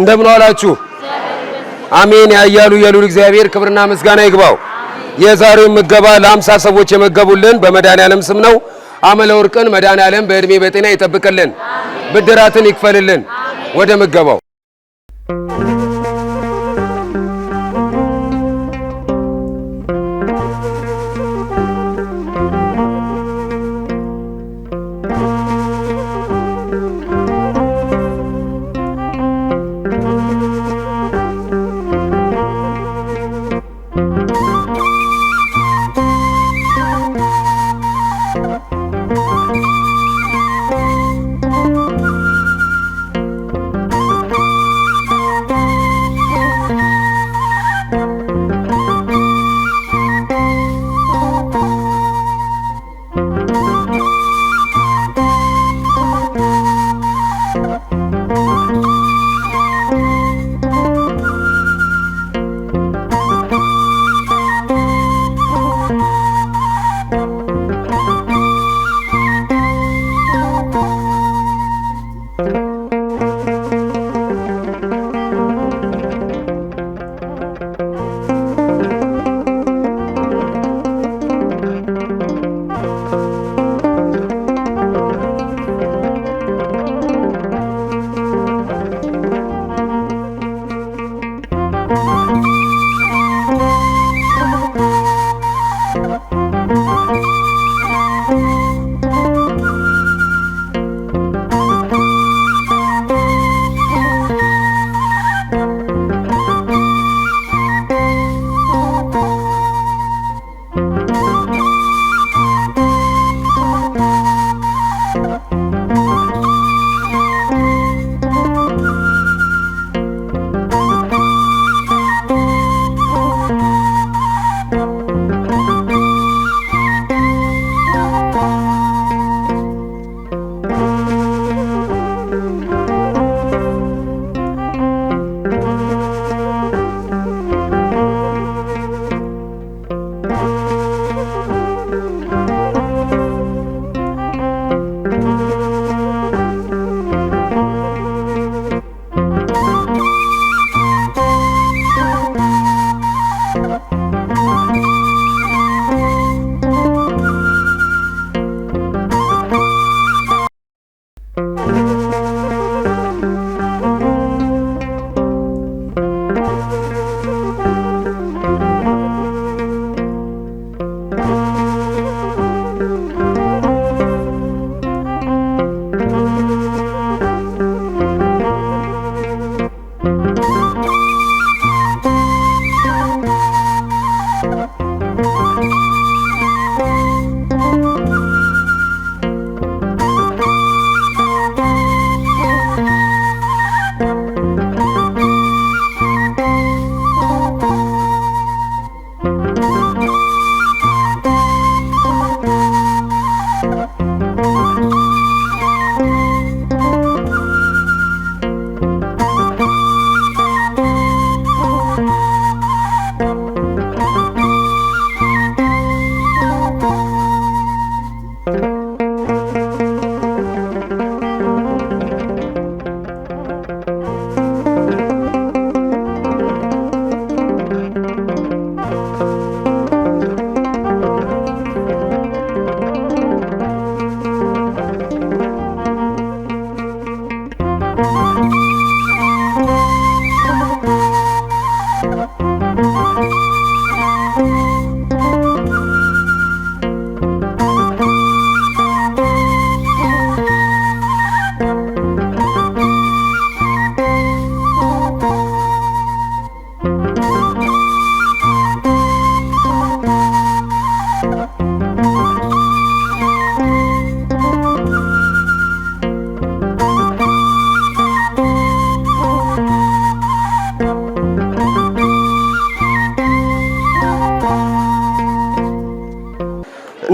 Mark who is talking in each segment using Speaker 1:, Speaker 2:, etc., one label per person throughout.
Speaker 1: እንደምን አሜን ያያሉ የሉል እግዚአብሔር ክብርና
Speaker 2: ምስጋና ይግባው።
Speaker 1: የዛሬው ምገባ ለአምሳ ሰዎች የመገቡልን በመድኃኔዓለም ስም ነው። አመለ ወርቅን መድኃኔዓለም በእድሜ በጤና ይጠብቅልን፣ ብድራትን ይክፈልልን። ወደ ምገባው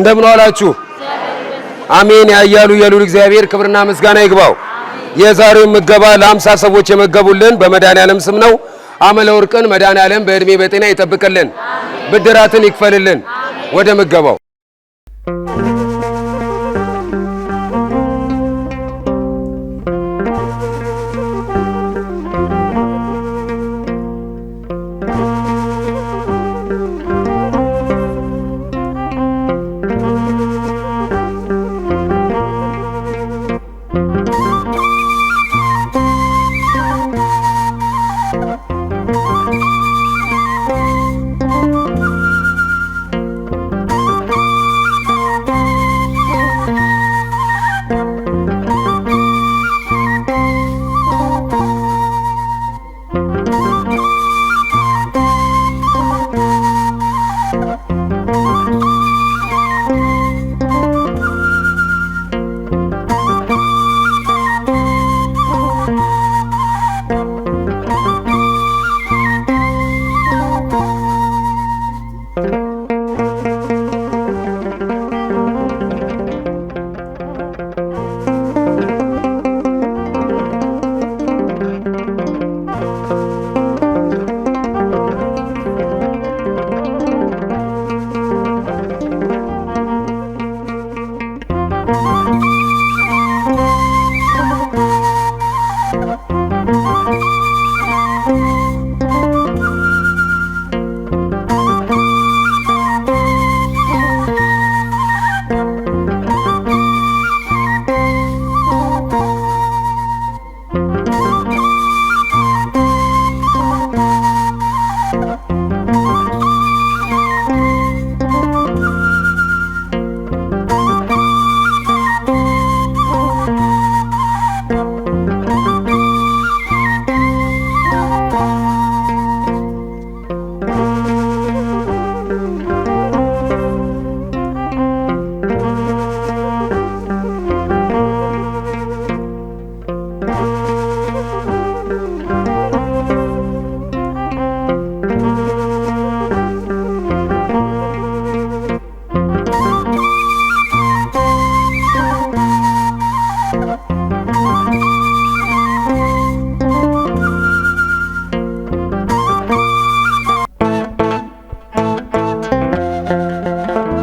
Speaker 1: እንደምን አላችሁ አሜን ያያሉ የሉል እግዚአብሔር ክብርና
Speaker 2: ምስጋና ይግባው።
Speaker 1: የዛሬው ምገባ ለአምሳ ሰዎች የመገቡልን በመድኃኔዓለም ስም ነው። አመለ ወርቅን መድኃኔዓለም በእድሜ በጤና ይጠብቅልን፣ ብድራትን ይክፈልልን። ወደ ምገባው